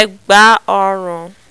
Ẹ̀gbá ọrùn